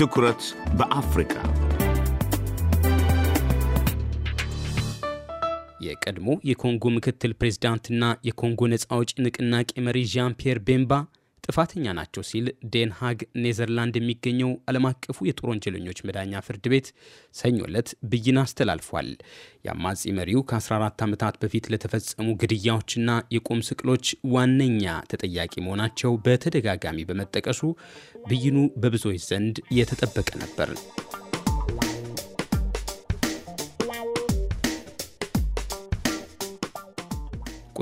ትኩረት በአፍሪካ የቀድሞ የኮንጎ ምክትል ፕሬዝዳንትና የኮንጎ ነፃ አውጪ ንቅናቄ መሪ ዣን ፒየር ቤምባ ጥፋተኛ ናቸው ሲል ዴንሃግ ኔዘርላንድ የሚገኘው ዓለም አቀፉ የጦር ወንጀለኞች መዳኛ ፍርድ ቤት ሰኞ ዕለት ብይን አስተላልፏል። የአማጺ መሪው ከ14 ዓመታት በፊት ለተፈጸሙ ግድያዎችና የቁም ስቅሎች ዋነኛ ተጠያቂ መሆናቸው በተደጋጋሚ በመጠቀሱ ብይኑ በብዙዎች ዘንድ የተጠበቀ ነበር።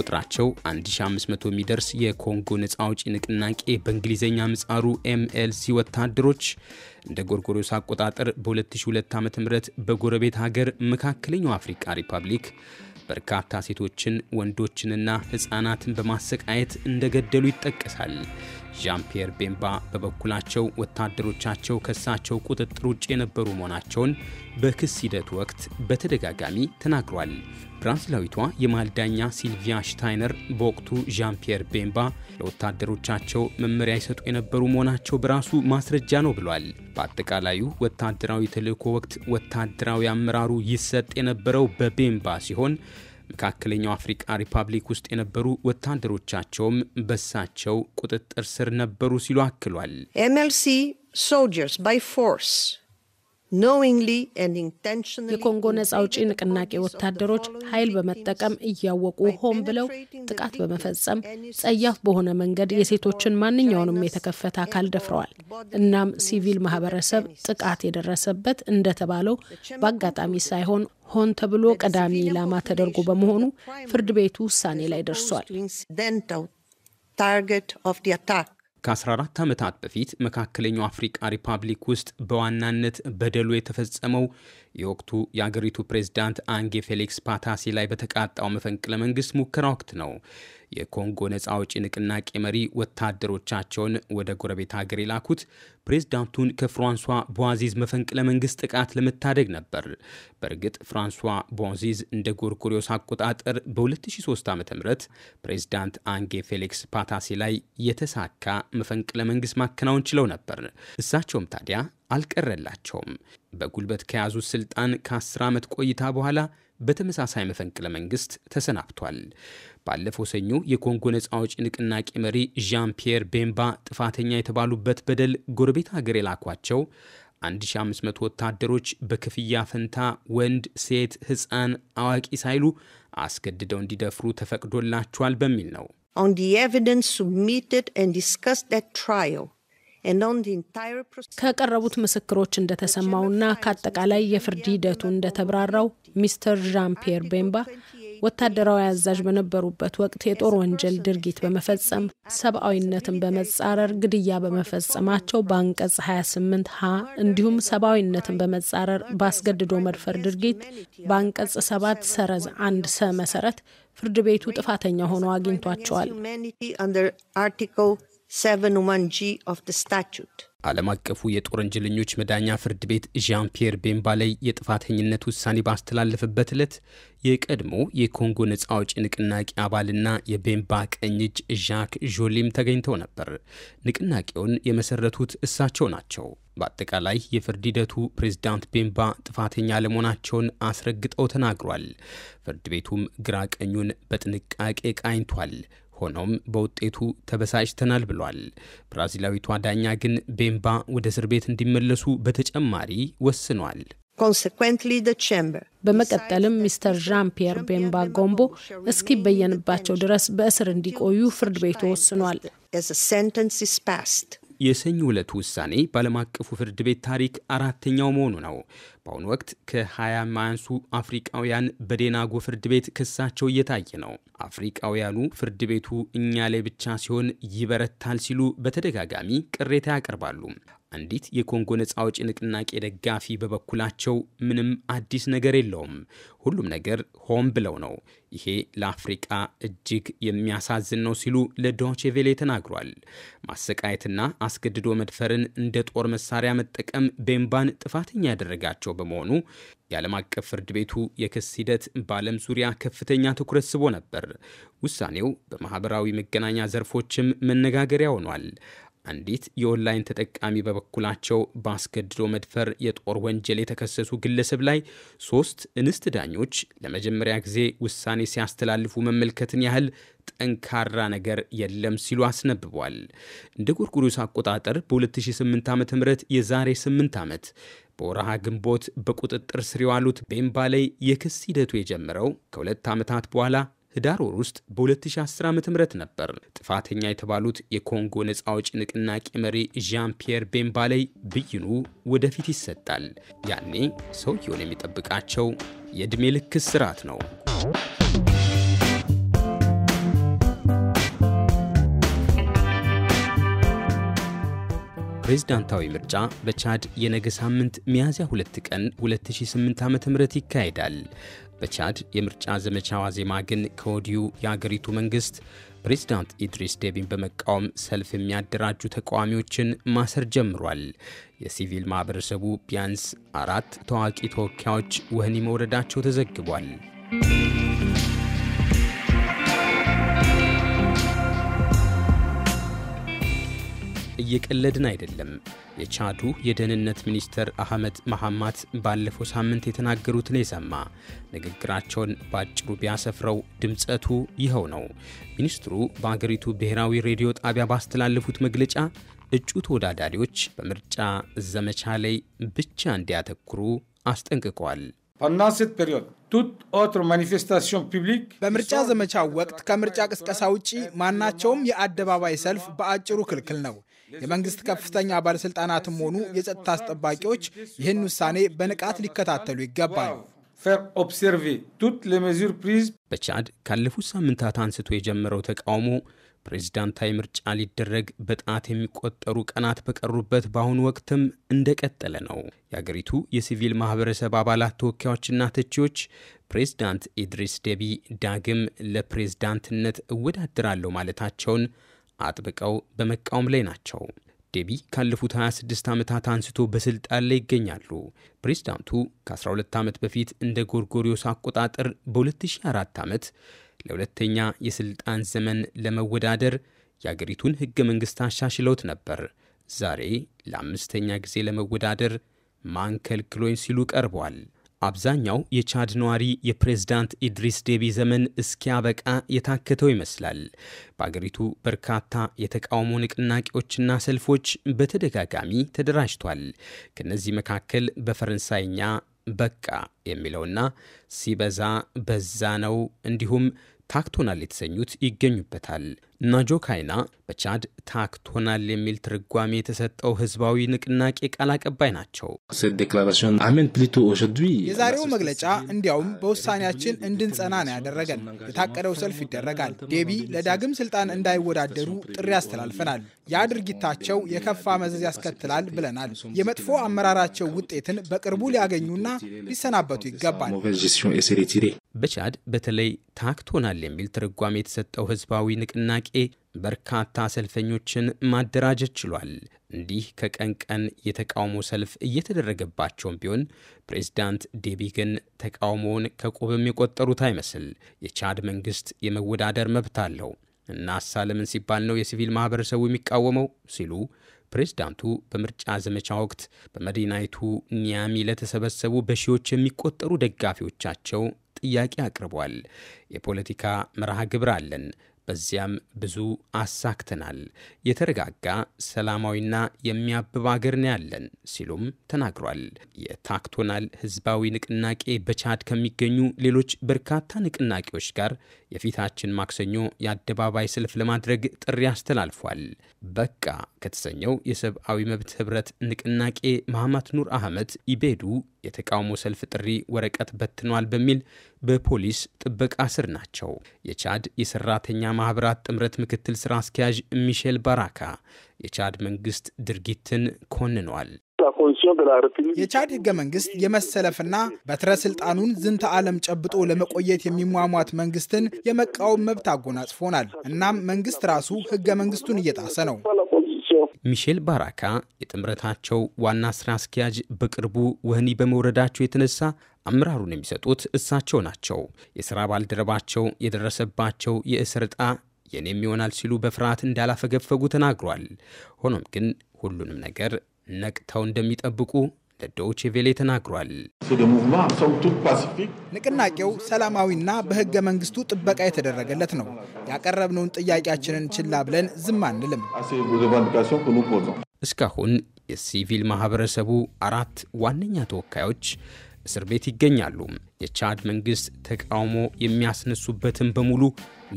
ቁጥራቸው 1500 የሚደርስ የኮንጎ ነጻ አውጪ ንቅናቄ በእንግሊዝኛ ምጻሩ ኤምኤልሲ ወታደሮች እንደ ጎርጎሮስ አቆጣጠር በ2002 ዓ ም በጎረቤት ሀገር መካከለኛው አፍሪካ ሪፐብሊክ በርካታ ሴቶችን ወንዶችንና ሕፃናትን በማሰቃየት እንደገደሉ ይጠቀሳል። ዣምፒየር ቤምባ በበኩላቸው ወታደሮቻቸው ከእሳቸው ቁጥጥር ውጭ የነበሩ መሆናቸውን በክስ ሂደት ወቅት በተደጋጋሚ ተናግሯል። ብራዚላዊቷ የማልዳኛ ሲልቪያ ሽታይነር በወቅቱ ዣምፒየር ቤምባ ለወታደሮቻቸው መመሪያ ይሰጡ የነበሩ መሆናቸው በራሱ ማስረጃ ነው ብሏል። በአጠቃላዩ ወታደራዊ ተልእኮ ወቅት ወታደራዊ አመራሩ ይሰጥ የነበረው በቤምባ ሲሆን መካከለኛው አፍሪቃ ሪፐብሊክ ውስጥ የነበሩ ወታደሮቻቸውም በሳቸው ቁጥጥር ስር ነበሩ ሲሉ አክሏል። ኤምኤልሲ ሶልጀርስ ባይ ፎርስ የኮንጎ ነጻ አውጪ ንቅናቄ ወታደሮች ኃይል በመጠቀም እያወቁ ሆን ብለው ጥቃት በመፈጸም ጸያፍ በሆነ መንገድ የሴቶችን ማንኛውንም የተከፈተ አካል ደፍረዋል። እናም ሲቪል ማህበረሰብ ጥቃት የደረሰበት እንደተባለው በአጋጣሚ ሳይሆን ሆን ተብሎ ቀዳሚ ኢላማ ተደርጎ በመሆኑ ፍርድ ቤቱ ውሳኔ ላይ ደርሷል። ከ14 ዓመታት በፊት መካከለኛው አፍሪካ ሪፐብሊክ ውስጥ በዋናነት በደሉ የተፈጸመው የወቅቱ የአገሪቱ ፕሬዝዳንት አንጌ ፌሊክስ ፓታሲ ላይ በተቃጣው መፈንቅለ መንግስት ሙከራ ወቅት ነው። የኮንጎ ነጻ አውጪ ንቅናቄ መሪ ወታደሮቻቸውን ወደ ጎረቤት ሀገር የላኩት ፕሬዝዳንቱን ከፍራንሷ ቧዚዝ መፈንቅለ መንግስት ጥቃት ለመታደግ ነበር። በእርግጥ ፍራንሷ ቧዚዝ እንደ ጎርጎሪዮስ አቆጣጠር በ2003 ዓ ም ፕሬዝዳንት አንጌ ፌሊክስ ፓታሴ ላይ የተሳካ መፈንቅለ መንግስት ማከናወን ችለው ነበር። እሳቸውም ታዲያ አልቀረላቸውም። በጉልበት ከያዙት ስልጣን ከ10 ዓመት ቆይታ በኋላ በተመሳሳይ መፈንቅለ መንግስት ተሰናብቷል። ባለፈው ሰኞ የኮንጎ ነጻ አውጪ ንቅናቄ መሪ ዣን ፒየር ቤምባ ጥፋተኛ የተባሉበት በደል ጎረቤት ሀገር የላኳቸው 1500 ወታደሮች በክፍያ ፈንታ ወንድ፣ ሴት፣ ህፃን አዋቂ ሳይሉ አስገድደው እንዲደፍሩ ተፈቅዶላቸዋል በሚል ነው። ከቀረቡት ምስክሮች እንደተሰማውና ከአጠቃላይ የፍርድ ሂደቱ እንደተብራራው ሚስተር ዣን ፒየር ቤምባ ወታደራዊ አዛዥ በነበሩበት ወቅት የጦር ወንጀል ድርጊት በመፈጸም ሰብአዊነትን በመጻረር ግድያ በመፈጸማቸው በአንቀጽ 28 ሀ እንዲሁም ሰብአዊነትን በመጻረር በአስገድዶ መድፈር ድርጊት በአንቀጽ 7 ሰረዝ አንድ ሰ መሰረት ፍርድ ቤቱ ጥፋተኛ ሆኖ አግኝቷቸዋል። 7.1g of the statute ዓለም አቀፉ የጦር ወንጀለኞች መዳኛ ፍርድ ቤት ዣን ፒየር ቤምባ ላይ የጥፋተኝነት ውሳኔ ባስተላለፍበት ዕለት የቀድሞ የኮንጎ ነፃ አውጪ ንቅናቄ አባልና የቤምባ ቀኝ እጅ ዣክ ዦሊም ተገኝተው ነበር። ንቅናቄውን የመሰረቱት እሳቸው ናቸው። በአጠቃላይ የፍርድ ሂደቱ ፕሬዝዳንት ቤምባ ጥፋተኛ አለመሆናቸውን አስረግጠው ተናግሯል። ፍርድ ቤቱም ግራ ቀኙን በጥንቃቄ ቃኝቷል። ሆኖም በውጤቱ ተበሳጭተናል ብሏል። ብራዚላዊቷ ዳኛ ግን ቤምባ ወደ እስር ቤት እንዲመለሱ በተጨማሪ ወስኗል። በመቀጠልም ሚስተር ዣን ፒየር ቤምባ ጎምቦ እስኪበየንባቸው ድረስ በእስር እንዲቆዩ ፍርድ ቤቱ ወስኗል። የሰኞ ዕለቱ ውሳኔ በዓለም አቀፉ ፍርድ ቤት ታሪክ አራተኛው መሆኑ ነው። በአሁኑ ወቅት ከ20 ማያንሱ አፍሪቃውያን በዴናጎ ፍርድ ቤት ክሳቸው እየታየ ነው። አፍሪቃውያኑ ፍርድ ቤቱ እኛ ላይ ብቻ ሲሆን ይበረታል ሲሉ በተደጋጋሚ ቅሬታ ያቀርባሉ። አንዲት የኮንጎ ነፃ አውጪ ንቅናቄ ደጋፊ በበኩላቸው ምንም አዲስ ነገር የለውም፣ ሁሉም ነገር ሆን ብለው ነው፣ ይሄ ለአፍሪቃ እጅግ የሚያሳዝን ነው ሲሉ ለዶቼ ቬሌ ተናግሯል። ማሰቃየትና አስገድዶ መድፈርን እንደ ጦር መሳሪያ መጠቀም ቤምባን ጥፋተኛ ያደረጋቸው ያላቸው በመሆኑ የዓለም አቀፍ ፍርድ ቤቱ የክስ ሂደት በዓለም ዙሪያ ከፍተኛ ትኩረት ስቦ ነበር። ውሳኔው በማህበራዊ መገናኛ ዘርፎችም መነጋገሪያ ሆኗል። አንዲት የኦንላይን ተጠቃሚ በበኩላቸው በአስገድዶ መድፈር የጦር ወንጀል የተከሰሱ ግለሰብ ላይ ሶስት እንስት ዳኞች ለመጀመሪያ ጊዜ ውሳኔ ሲያስተላልፉ መመልከትን ያህል ጠንካራ ነገር የለም ሲሉ አስነብቧል። እንደ ጎርጎሮስ አቆጣጠር በ2008 ዓ ም የዛሬ 8 ዓመት በወረሃ ግንቦት በቁጥጥር ስር የዋሉት ቤምባ ላይ የክስ ሂደቱ የጀመረው ከሁለት ዓመታት በኋላ ህዳር ወር ውስጥ በ2010 ዓ ም ነበር። ጥፋተኛ የተባሉት የኮንጎ ነፃ አውጪ ንቅናቄ መሪ ዣን ፒየር ላይ ብይኑ ወደፊት ይሰጣል። ያኔ ሰውየውን የሚጠብቃቸው የዕድሜ ልክ እስራት ነው። ፕሬዝዳንታዊ ምርጫ በቻድ የነገ ሳምንት ሚያዝያ 2 ቀን 2008 ዓ ም ይካሄዳል። በቻድ የምርጫ ዘመቻ ዋዜማ ግን ከወዲሁ የአገሪቱ መንግሥት ፕሬዝዳንት ኢድሪስ ዴቢን በመቃወም ሰልፍ የሚያደራጁ ተቃዋሚዎችን ማሰር ጀምሯል። የሲቪል ማኅበረሰቡ ቢያንስ አራት ታዋቂ ተወካዮች ወህኒ መውረዳቸው ተዘግቧል። እየቀለድን አይደለም። የቻዱ የደህንነት ሚኒስትር አህመድ መሐማት ባለፈው ሳምንት የተናገሩትን የሰማ ንግግራቸውን በአጭሩ ቢያሰፍረው ድምፀቱ ይኸው ነው። ሚኒስትሩ በአገሪቱ ብሔራዊ ሬዲዮ ጣቢያ ባስተላለፉት መግለጫ እጩ ተወዳዳሪዎች በምርጫ ዘመቻ ላይ ብቻ እንዲያተኩሩ አስጠንቅቀዋል። በምርጫ ዘመቻው ወቅት ከምርጫ ቅስቀሳ ውጪ ማናቸውም የአደባባይ ሰልፍ በአጭሩ ክልክል ነው። የመንግስት ከፍተኛ ባለሥልጣናትም ሆኑ የጸጥታ አስጠባቂዎች ይህን ውሳኔ በንቃት ሊከታተሉ ይገባል። በቻድ ካለፉት ሳምንታት አንስቶ የጀመረው ተቃውሞ ፕሬዝዳንታዊ ምርጫ ሊደረግ በጣት የሚቆጠሩ ቀናት በቀሩበት በአሁኑ ወቅትም እንደቀጠለ ነው። የአገሪቱ የሲቪል ማህበረሰብ አባላት ተወካዮችና ተቺዎች ፕሬዝዳንት ኢድሪስ ዴቢ ዳግም ለፕሬዝዳንትነት እወዳደራለሁ ማለታቸውን አጥብቀው በመቃወም ላይ ናቸው። ዴቢ ካለፉት 26 ዓመታት አንስቶ በስልጣን ላይ ይገኛሉ። ፕሬዚዳንቱ ከ12 ዓመት በፊት እንደ ጎርጎሪዮስ አቆጣጠር በ2004 ዓመት ለሁለተኛ የስልጣን ዘመን ለመወዳደር የአገሪቱን ህገ መንግሥት አሻሽለውት ነበር። ዛሬ ለአምስተኛ ጊዜ ለመወዳደር ማንከልክሎኝ ሲሉ ቀርቧል። አብዛኛው የቻድ ነዋሪ የፕሬዝዳንት ኢድሪስ ዴቢ ዘመን እስኪያበቃ የታከተው ይመስላል። በአገሪቱ በርካታ የተቃውሞ ንቅናቄዎችና ሰልፎች በተደጋጋሚ ተደራጅቷል። ከእነዚህ መካከል በፈረንሳይኛ በቃ የሚለውና ሲበዛ በዛ ነው እንዲሁም ታክቶናል የተሰኙት ይገኙበታል። ካይና በቻድ ታክቶናል የሚል ትርጓሜ የተሰጠው ህዝባዊ ንቅናቄ ቃል አቀባይ ናቸው። የዛሬው መግለጫ እንዲያውም በውሳኔያችን እንድንጸና ነው ያደረገን። የታቀደው ሰልፍ ይደረጋል። ዴቢ ለዳግም ስልጣን እንዳይወዳደሩ ጥሪ አስተላልፈናል። ያ ድርጊታቸው የከፋ መዘዝ ያስከትላል ብለናል። የመጥፎ አመራራቸው ውጤትን በቅርቡ ሊያገኙና ሊሰናበቱ ይገባል። በቻድ በተለይ ታክቶናል የሚል ትርጓሜ የተሰጠው ህዝባዊ ንቅናቄ ንቅናቄ በርካታ ሰልፈኞችን ማደራጀት ችሏል። እንዲህ ከቀን ቀን የተቃውሞ ሰልፍ እየተደረገባቸውም ቢሆን ፕሬዝዳንት ዴቢ ግን ተቃውሞውን ከቁብም የቆጠሩት አይመስል የቻድ መንግስት የመወዳደር መብት አለው እና አሳለምን ሲባል ነው የሲቪል ማህበረሰቡ የሚቃወመው ሲሉ ፕሬዝዳንቱ በምርጫ ዘመቻ ወቅት በመዲናይቱ ኒያሚ ለተሰበሰቡ በሺዎች የሚቆጠሩ ደጋፊዎቻቸው ጥያቄ አቅርቧል። የፖለቲካ መርሃ ግብር አለን በዚያም ብዙ አሳክተናል። የተረጋጋ ሰላማዊና የሚያብብ አገር ነው ያለን ሲሉም ተናግሯል። የታክቶናል ህዝባዊ ንቅናቄ በቻድ ከሚገኙ ሌሎች በርካታ ንቅናቄዎች ጋር የፊታችን ማክሰኞ የአደባባይ ሰልፍ ለማድረግ ጥሪ አስተላልፏል። በቃ ከተሰኘው የሰብአዊ መብት ህብረት ንቅናቄ መሐማት ኑር አህመት ኢቤዱ የተቃውሞ ሰልፍ ጥሪ ወረቀት በትኗል በሚል በፖሊስ ጥበቃ ስር ናቸው። የቻድ የሰራተኛ ማህበራት ጥምረት ምክትል ስራ አስኪያጅ ሚሼል ባራካ የቻድ መንግስት ድርጊትን ኮንኗል። የቻድ ህገ መንግስት የመሰለፍና በትረ ስልጣኑን ዝንተ ዓለም ጨብጦ ለመቆየት የሚሟሟት መንግስትን የመቃወም መብት አጎናጽፎናል። እናም መንግስት ራሱ ህገ መንግስቱን እየጣሰ ነው። ሚሼል ባራካ የጥምረታቸው ዋና ስራ አስኪያጅ በቅርቡ ወህኒ በመውረዳቸው የተነሳ አመራሩን የሚሰጡት እሳቸው ናቸው። የስራ ባልደረባቸው የደረሰባቸው የእስር ዕጣ የኔም ይሆናል ሲሉ በፍርሃት እንዳላፈገፈጉ ተናግሯል። ሆኖም ግን ሁሉንም ነገር ነቅተው እንደሚጠብቁ ለዶች ቬሌ ተናግሯል። ንቅናቄው ሰላማዊና በህገ መንግስቱ ጥበቃ የተደረገለት ነው። ያቀረብነውን ጥያቄያችንን ችላ ብለን ዝም አንልም። እስካሁን የሲቪል ማህበረሰቡ አራት ዋነኛ ተወካዮች እስር ቤት ይገኛሉ። የቻድ መንግስት ተቃውሞ የሚያስነሱበትን በሙሉ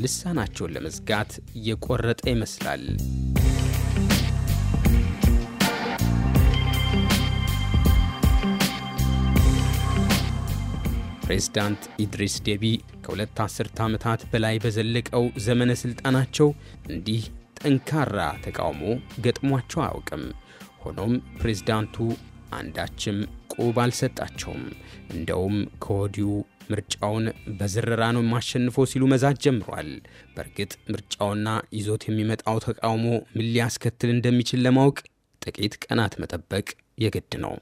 ልሳናቸውን ለመዝጋት እየቆረጠ ይመስላል። ፕሬዝዳንት ኢድሪስ ዴቢ ከሁለት አስርተ ዓመታት በላይ በዘለቀው ዘመነ ሥልጣናቸው እንዲህ ጠንካራ ተቃውሞ ገጥሟቸው አያውቅም። ሆኖም ፕሬዝዳንቱ አንዳችም ቁብ አልሰጣቸውም። እንደውም ከወዲሁ ምርጫውን በዝረራ ነው የማሸንፎ ሲሉ መዛት ጀምሯል። በእርግጥ ምርጫውና ይዞት የሚመጣው ተቃውሞ ምን ሊያስከትል እንደሚችል ለማወቅ ጥቂት ቀናት መጠበቅ የግድ ነው።